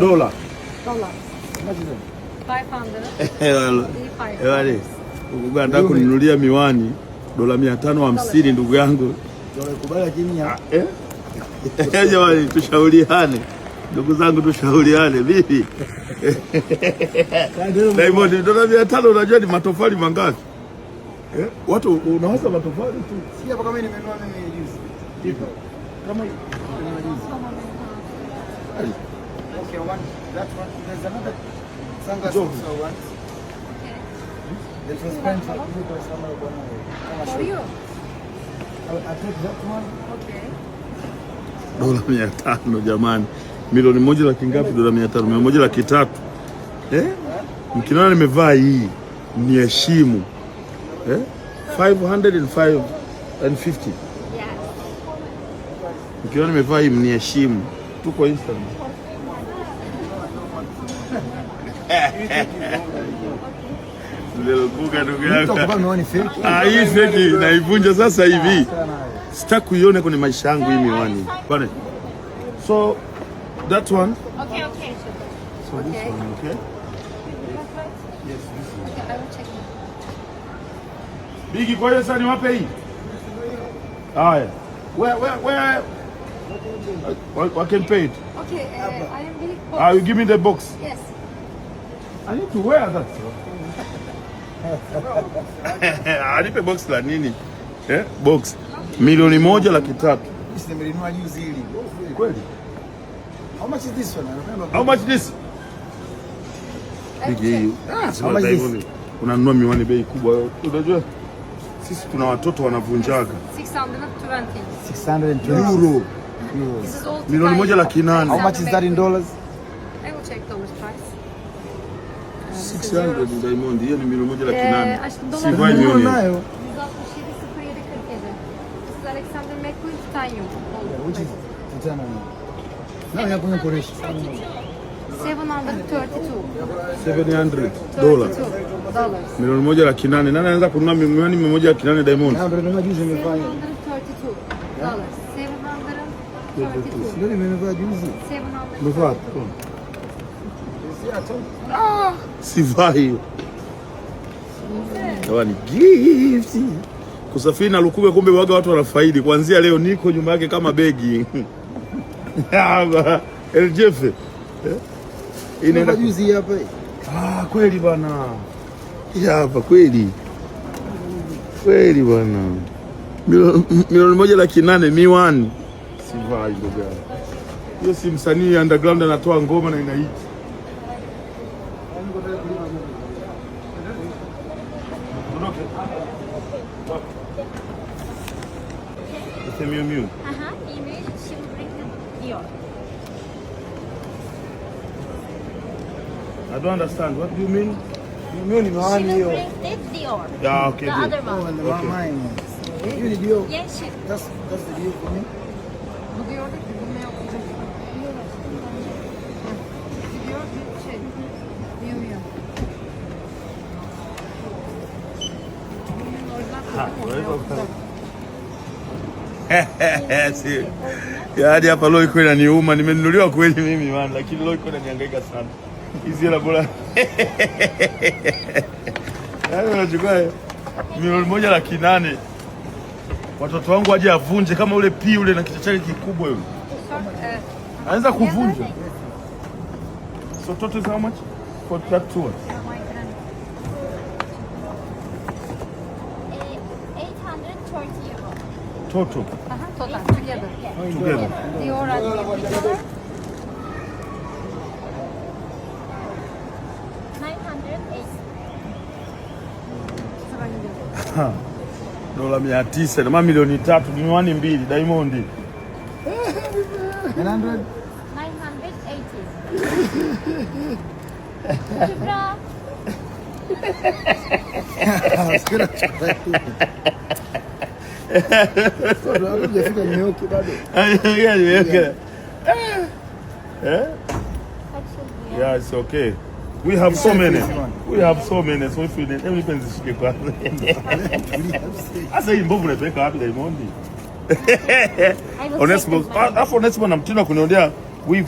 dola uganda kuninulia miwani dola mia tano hamsini ndugu yangu ah, eh? jamani tushauriane ndugu zangu tushauriane vipi Diamond dola mia tano unajua ni matofali mangapi Eh, watu unaweza matofali tu. Si hapa kama nimenunua mimi juzi. Kama Okay, one, that one, there's another one. Hmm? for you by For you? Dola mia tano jamani, milioni moja laki ngapi? Dola mia tano, mia moja laki tatu eh? Mkinana nimevaa hii ni heshimu eh? Mkinana nimevaa hii ni heshimu, tuko Instagram. Ah, hii feki naivunja sasa hivi, sitaki kuiona kwenye maisha yangu hii miwani. So that one. Okay, okay. So this one, okay? Yes, this one. Okay, I will check. Bigi, kwa sasa niwape hii. Haya. Where where where can pay it. Okay, uh, I am Ah, you give me the box. Yes. I need to wear that. Alipe box la nini? Eh, box milioni moja laki tatu. Nimelinunua juzi hili. Kweli? How much is this one? How much is this? Ah, Unanunua miwani bei kubwa. Unajua sisi tuna watoto wanavunjaga. 620. 620 euro. Milioni moja laki nane. How much is that in dollars? I will check dollars price. 6 anni del Diamond, io nemmeno voglio la Kinami. Si dolar guagno niente. Nayo. 167 07 Siz Alexander McQueen Titanium. Ucuz. Titanium. Ne yapın Koreş? 732 Diamond? 732. Ndio Sivaa hiyo gift. Kusafiri na Lukuga, kumbe waga watu wanafaidi. Kuanzia leo niko nyuma yake kama begi LJF eh? inaenda juzi hapa. Ah, kweli bwana, hapa kweli kweli bwana, milioni moja laki nane miwani. hiyo si msanii underground anatoa ngoma na inaiti istemiyor muyum? Aha, email şimdi bring diyor. I don't understand. What do you mean? Yun yun, She mahani will yun. bring it diyor. Ya okay. The good. other Oh, one. and the Okay. mine. Yun, the deal. Yes, she. That's, that's the deal for me. Bu diyordu ki bunu yapacak. Bu diyor bir şey. Yum yum. Yum yum oradan Ha, böyle bakalım. Yaani hapa leo iko inaniuma, nimenunuliwa kweli mimi man, lakini leo iko inanihangaika sana. Hizi hela bora. Yaani unachukua eh, milioni moja laki nane watoto wangu waje avunje kama ule pii ule na kichwa chake kikubwa yule. Anaweza kuvunja. So total is how much? For that tour. Total. Uh-huh, total, together. Together. Dior and Dior. 908. dola mia tisa nama milioni 900. 980. I Yeah, it's okay. We have so many. We have so many. So if need everything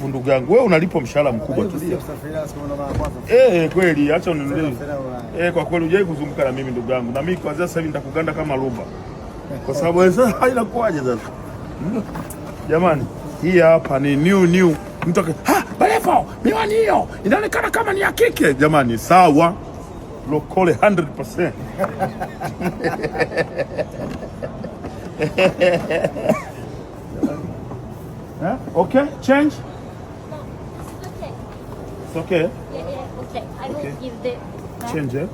ndugu yangu. Wewe unalipwa mshahara mkubwa eh, kweli acha eh, kwa kweli hujai na mimi ndugu yangu. Na mimi kwanza sasa hivi nitakuganda kwa sababu haina kuaje. sasa hmm? jamani? Hii hapa ni new new, mtu ha Barevo, miwani hiyo inaonekana kama ni ya kike. Jamani sawa, lokole 100% Eh? Okay, change. It's okay. Yeah, yeah, okay. I will Okay. give the change. eh?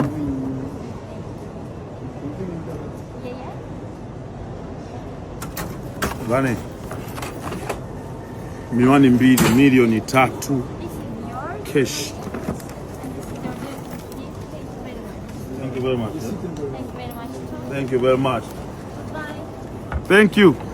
Mm. Bane, miwani mbili milioni tatu cash. Thank you very much. Thank you very much. Thank you very much. Thank you.